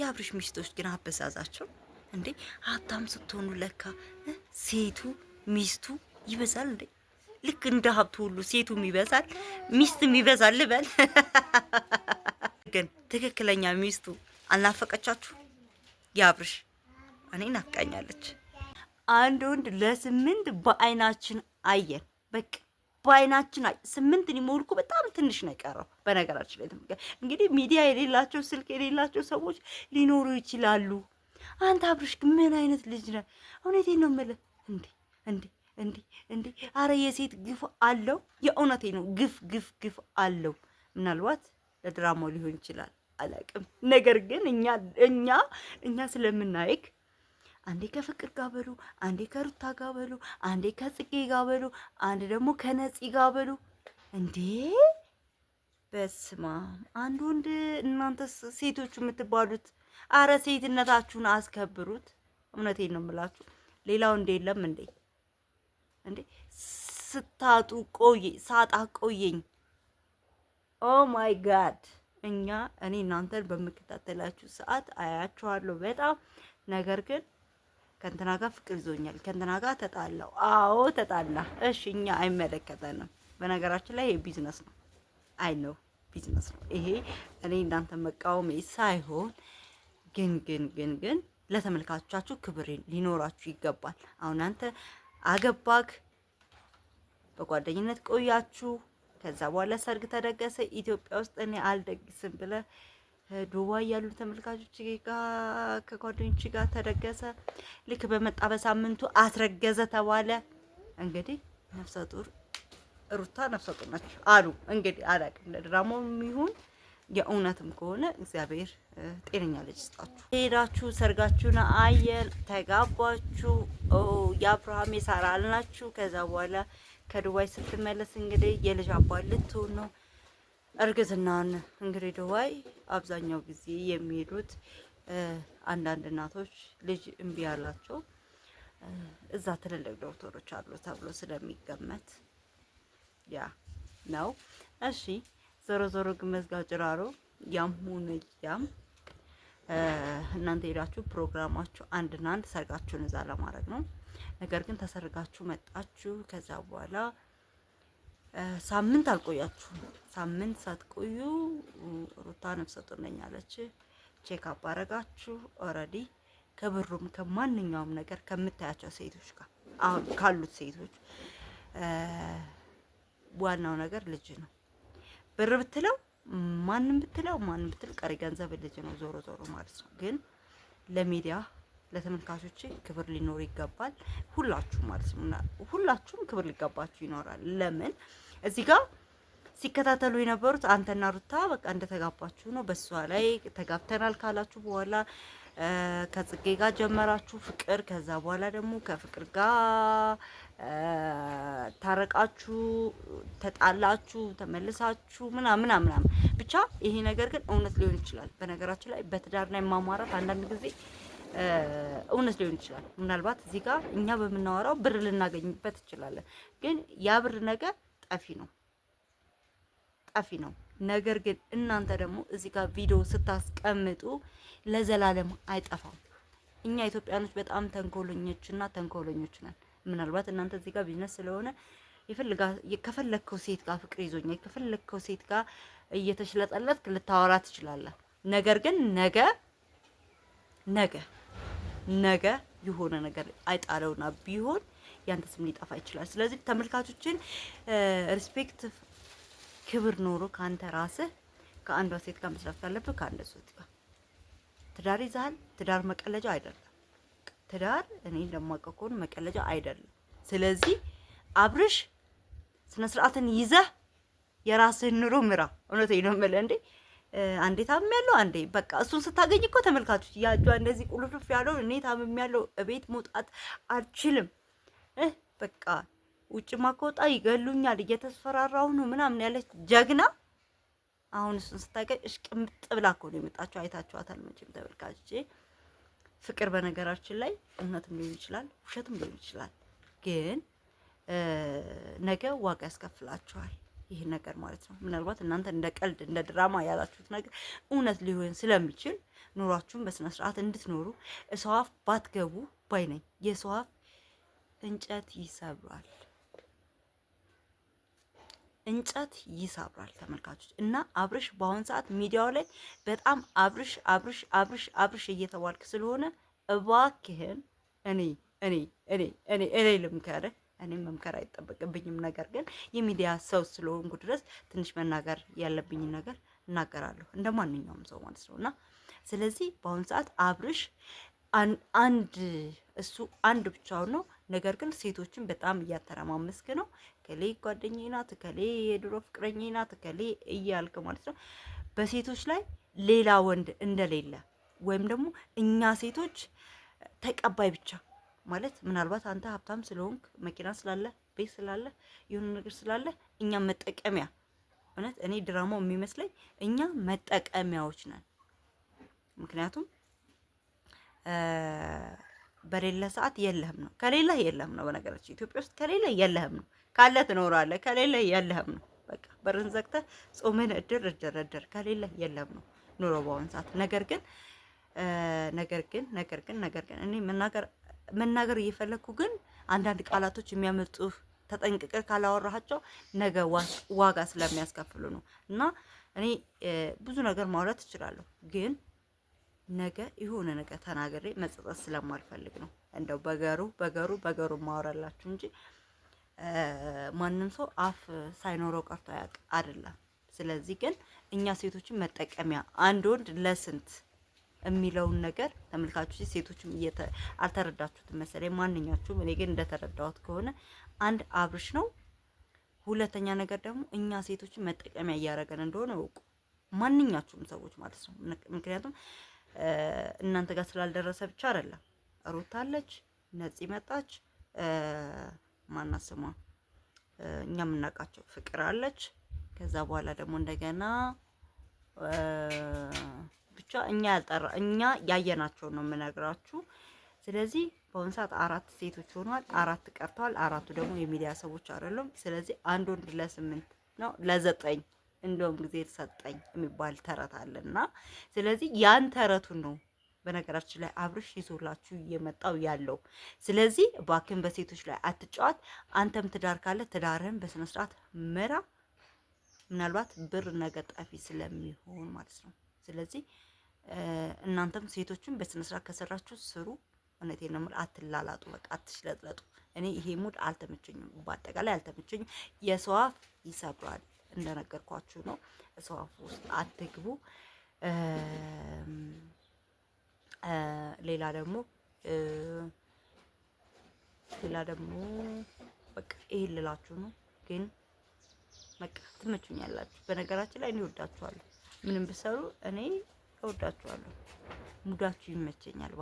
የአብርሽ ሚስቶች ግን አበዛዛቸው እንዴ! ሀብታም ስትሆኑ ለካ ሴቱ ሚስቱ ይበዛል እንዴ! ልክ እንደ ሀብቱ ሁሉ ሴቱም ይበዛል ሚስትም ይበዛል ልበል። ግን ትክክለኛ ሚስቱ አልናፈቀቻችሁ? የአብርሽ እኔ ናፍቃኛለች። አንድ ወንድ ለስምንት በአይናችን አየን በቃ በአይናችን ስምንት ሊሞልኩ በጣም ትንሽ ነው የቀረው። በነገራችን ላይ እንግዲህ ሚዲያ የሌላቸው ስልክ የሌላቸው ሰዎች ሊኖሩ ይችላሉ። አንተ አብርሽ ምን አይነት ልጅ ነህ? እውነቴን ነው የምልህ። እንዴ እንዴ እንዴ እንዴ! አረ የሴት ግፍ አለው። የእውነቴ ነው ግፍ ግፍ ግፍ አለው። ምናልባት ለድራማው ሊሆን ይችላል አላውቅም። ነገር ግን እኛ እኛ እኛ ስለምናይክ አንዴ ከፍቅር ጋር በሉ፣ አንዴ ከሩታ ጋር በሉ፣ አንዴ ከጽጌ ጋር በሉ፣ አንድ ደግሞ ከነፂ ጋር በሉ። እንዴ በስማ አንድ ወንድ እናንተ ሴቶቹ የምትባሉት አረ ሴትነታችሁን አስከብሩት። እውነቴን ነው የምላችሁ። ሌላው እንደ የለም እንዴ እንዴ ስታጡ ቆይ ሳጣ ቆየኝ። ኦ ማይ ጋድ እኛ እኔ እናንተን በምከታተላችሁ ሰዓት አያችኋለሁ በጣም ነገር ግን ከእንትና ጋር ፍቅር ይዞኛል፣ ከእንትና ጋር ተጣላው። አዎ ተጣላ። እሺ እኛ አይመለከተንም። በነገራችን ላይ ይሄ ቢዝነስ ነው። አይ ነው ቢዝነስ ነው ይሄ። እኔ እናንተ መቃወም ሳይሆን ግን ግን ግን ግን ለተመልካቾቻችሁ ክብር ሊኖራችሁ ይገባል። አሁን አንተ አገባክ፣ በጓደኝነት ቆያችሁ፣ ከዛ በኋላ ሰርግ ተደገሰ። ኢትዮጵያ ውስጥ እኔ አልደግስም ብለህ ዱባይ ያሉ ተመልካቾች ጋር ከጓደኞች ጋር ተደገሰ። ልክ በመጣ በሳምንቱ አስረገዘ ተባለ። እንግዲህ ነፍሰ ጡር ሩታ ነፍሰ ጡር ናቸው አሉ። እንግዲህ አላውቅም ለድራማውም ይሁን የእውነትም ከሆነ እግዚአብሔር ጤነኛ ልጅ ስጣችሁ። ሄዳችሁ ሰርጋችሁን አየ ተጋባችሁ፣ የአብርሃም የሳራ አልናችሁ። ከዛ በኋላ ከዱባይ ስትመለስ እንግዲህ የልጅ አባት ልትሆን ነው። እርግዝናን እንግዲህ ዱባይ አብዛኛው ጊዜ የሚሄዱት አንዳንድ እናቶች ልጅ እምቢ ያላቸው እዛ ትልልቅ ዶክተሮች አሉ ተብሎ ስለሚገመት ያ ነው። እሺ ዞሮ ዞሮ ግን መዝጋው ጭራሮ ያም ሆነ ያም እናንተ ሄዳችሁ ፕሮግራማችሁ አንድና አንድ ሰርጋችሁን እዛ ለማድረግ ነው። ነገር ግን ተሰርጋችሁ መጣችሁ ከዛ በኋላ ሳምንት አልቆያችሁ ሳምንት ሳትቆዩ ሩታ ነፍሰ ጡር ነኝ አለች። ቼክ አፕ አረጋችሁ። ኦልሬዲ ከብሩም ከማንኛውም ነገር ከምታያቸው ሴቶች ጋር አሁን ካሉት ሴቶች ዋናው ነገር ልጅ ነው። ብር ብትለው ማንም ብትለው ማንም ብትል ቀሪ ገንዘብ ልጅ ነው ዞሮ ዞሮ ማለት ነው። ግን ለሚዲያ ለተመልካቾች ክብር ሊኖር ይገባል። ሁላችሁ ማለት ነው ሁላችሁም ክብር ሊገባችሁ ይኖራል። ለምን እዚህ ጋር ሲከታተሉ የነበሩት አንተና ሩታ በቃ እንደተጋባችሁ ነው። በሷ ላይ ተጋብተናል ካላችሁ በኋላ ከጽጌ ጋር ጀመራችሁ ፍቅር። ከዛ በኋላ ደግሞ ከፍቅር ጋር ታረቃችሁ፣ ተጣላችሁ፣ ተመልሳችሁ ምናምን ምናምን ብቻ። ይሄ ነገር ግን እውነት ሊሆን ይችላል። በነገራችን ላይ በትዳርና የማሟራት አንዳንድ ጊዜ እውነት ሊሆን ይችላል። ምናልባት እዚህ ጋር እኛ በምናወራው ብር ልናገኝበት እንችላለን። ግን ያ ብር ነገር ጠፊ ነው ጠፊ ነው። ነገር ግን እናንተ ደግሞ እዚህ ጋር ቪዲዮ ስታስቀምጡ ለዘላለም አይጠፋም። እኛ ኢትዮጵያኖች በጣም ተንኮለኞችና ተንኮለኞች ነን። ምናልባት እናንተ እዚህ ጋር ቢዝነስ ስለሆነ ከፈለግከው ሴት ጋር ፍቅር ይዞኛ ከፈለግከው ሴት ጋር እየተሽለጠለት ልታወራ ትችላለህ። ነገር ግን ነገ ነገ ነገ የሆነ ነገር አይጣለውና ቢሆን ያንተ ስም ሊጠፋ ይችላል። ስለዚህ ተመልካቾችን ሪስፔክት ክብር ኖሮ ከአንተ ራስህ ከአንዷ ሴት ጋር መስራት ካለብህ ከአንድ ሴት ጋር ትዳር ይዛል። ትዳር መቀለጃ አይደለም። ትዳር እኔ እንደማውቀው ከሆነ መቀለጃ አይደለም። ስለዚህ አብርሽ ስነ ስርዓትን ይዘህ የራስህን ኑሮ ምራ። እውነቴን ነው የምልህ እንዴ አንዴ ታምም ያለው አንዴ በቃ እሱን ስታገኝ እኮ ተመልካቾች ያጇ እንደዚህ ቁልፍልፍ ያለው እኔ ታምም ያለው እቤት መውጣት አልችልም፣ በቃ ውጭ ማከወጣ ይገሉኛል፣ እየተስፈራራሁ ነው ምናምን ያለች ጀግና አሁን እሱን ስታገኝ እሽቅምጥ ብላ እኮ ነው የመጣችሁ። አይታችኋታል መቼም ተመልካቾቼ። ፍቅር በነገራችን ላይ እውነትም ሊሆን ይችላል፣ ውሸትም ሊሆን ይችላል፣ ግን ነገ ዋጋ ያስከፍላችኋል። ይህን ነገር ማለት ነው። ምናልባት እናንተ እንደ ቀልድ እንደ ድራማ ያላችሁት ነገር እውነት ሊሆን ስለሚችል ኑሯችሁን በስነ ስርዓት እንድትኖሩ ሰው አፍ ባትገቡ ባይ ነኝ። የሰው አፍ እንጨት ይሰብራል እንጨት ይሰብራል። ተመልካቾች እና አብርሽ በአሁን ሰዓት ሚዲያው ላይ በጣም አብርሽ አብርሽ አብርሽ አብርሽ እየተባልክ ስለሆነ እባክህን እኔ እኔ እኔ እኔ እኔ ልምከርህ እኔም መምከር አይጠበቅብኝም። ነገር ግን የሚዲያ ሰው ስለሆንኩ ድረስ ትንሽ መናገር ያለብኝን ነገር እናገራለሁ እንደ ማንኛውም ሰው ማለት ነው። እና ስለዚህ በአሁኑ ሰዓት አብርሽ አንድ እሱ አንድ ብቻውን ነው። ነገር ግን ሴቶችን በጣም እያተረማመስክ ነው። ከሌ ጓደኛዬ ናት፣ ከሌ የድሮ ፍቅረኛዬ ናት፣ ከሌ እያልክ ማለት ነው በሴቶች ላይ ሌላ ወንድ እንደሌለ ወይም ደግሞ እኛ ሴቶች ተቀባይ ብቻ ማለት ምናልባት አንተ ሀብታም ስለሆንክ መኪና ስላለ ቤት ስላለ የሆነ ነገር ስላለ እኛ መጠቀሚያ እውነት እኔ ድራማው የሚመስለኝ እኛ መጠቀሚያዎች ነን። ምክንያቱም በሌለ ሰዓት የለህም ነው፣ ከሌለ የለህም ነው። በነገራችን ኢትዮጵያ ውስጥ ከሌለ የለህም ነው፣ ካለ ትኖራለህ፣ ከሌለ የለህም ነው። በቃ በርን ዘግተህ ጾምን እድር እድር እድር ከሌለ የለህም ነው ኑሮ በአሁን ሰዓት። ነገር ግን ነገር ግን ነገር ግን ነገር ግን እኔ መናገር መናገር እየፈለግኩ ግን አንዳንድ ቃላቶች የሚያመጡ ተጠንቅቀ ካላወራሃቸው ነገ ዋጋ ስለሚያስከፍሉ ነው። እና እኔ ብዙ ነገር ማውራት እችላለሁ፣ ግን ነገ የሆነ ነገር ተናግሬ መጸጸት ስለማልፈልግ ነው። እንደው በገሩ በገሩ በገሩ ማወራላችሁ እንጂ ማንም ሰው አፍ ሳይኖረው ቀርቶ አያውቅ አይደለም። ስለዚህ ግን እኛ ሴቶችን መጠቀሚያ አንድ ወንድ ለስንት የሚለውን ነገር ተመልካቾች ሴቶችም አልተረዳችሁትም መሰለኝ። ማንኛችሁም እኔ ግን እንደተረዳሁት ከሆነ አንድ አብርሽ ነው። ሁለተኛ ነገር ደግሞ እኛ ሴቶችን መጠቀሚያ እያደረገን እንደሆነ እውቁ፣ ማንኛችሁም ሰዎች ማለት ነው። ምክንያቱም እናንተ ጋር ስላልደረሰ ብቻ አይደለም። ሩት አለች፣ ነፂ መጣች፣ ማናት ስሟ እኛ የምናውቃቸው ፍቅር አለች። ከዛ በኋላ ደግሞ እንደገና ብቻ እኛ ያልጠራ እኛ ያየናቸውን ነው የምነግራችሁ። ስለዚህ በአሁኑ ሰዓት አራት ሴቶች ሆኗል፣ አራት ቀርተዋል። አራቱ ደግሞ የሚዲያ ሰዎች አይደሉም። ስለዚህ አንድ ወንድ ለስምንት ነው ለዘጠኝ እንደውም ጊዜ የተሰጠኝ የሚባል ተረት አለና ስለዚህ ያን ተረቱን ነው በነገራችን ላይ አብርሽ ይዞላችሁ እየመጣው ያለው። ስለዚህ እባክህን በሴቶች ላይ አትጫወት። አንተም ትዳር ካለ ትዳርህን በስነስርዓት ስርዓት ምራ። ምናልባት ብር ነገ ጠፊ ስለሚሆን ማለት ነው። ስለዚህ እናንተም ሴቶችን ስርዓት ከሰራችሁ ስሩ። እውነቴን ነው የምልህ። አትላላጡ፣ በቃ አትሽለጥለጡ። እኔ ይሄ ሙድ አልተመቸኝም፣ በአጠቃላይ አልተመቸኝም። የሰው አፍ ይሰብራል፣ እንደነገርኳችሁ ነው። ሰው አፍ ውስጥ አትግቡ። ሌላ ደግሞ ሌላ ደግሞ በቃ ይሄን ልላችሁ ነው። ግን በቃ ትመቹኛላችሁ። በነገራችን ላይ እኔ ወዳችኋለሁ። ምንም ብሰሩ እኔ እወዳችኋለሁ። ሙዳችሁ ይመቸኛል።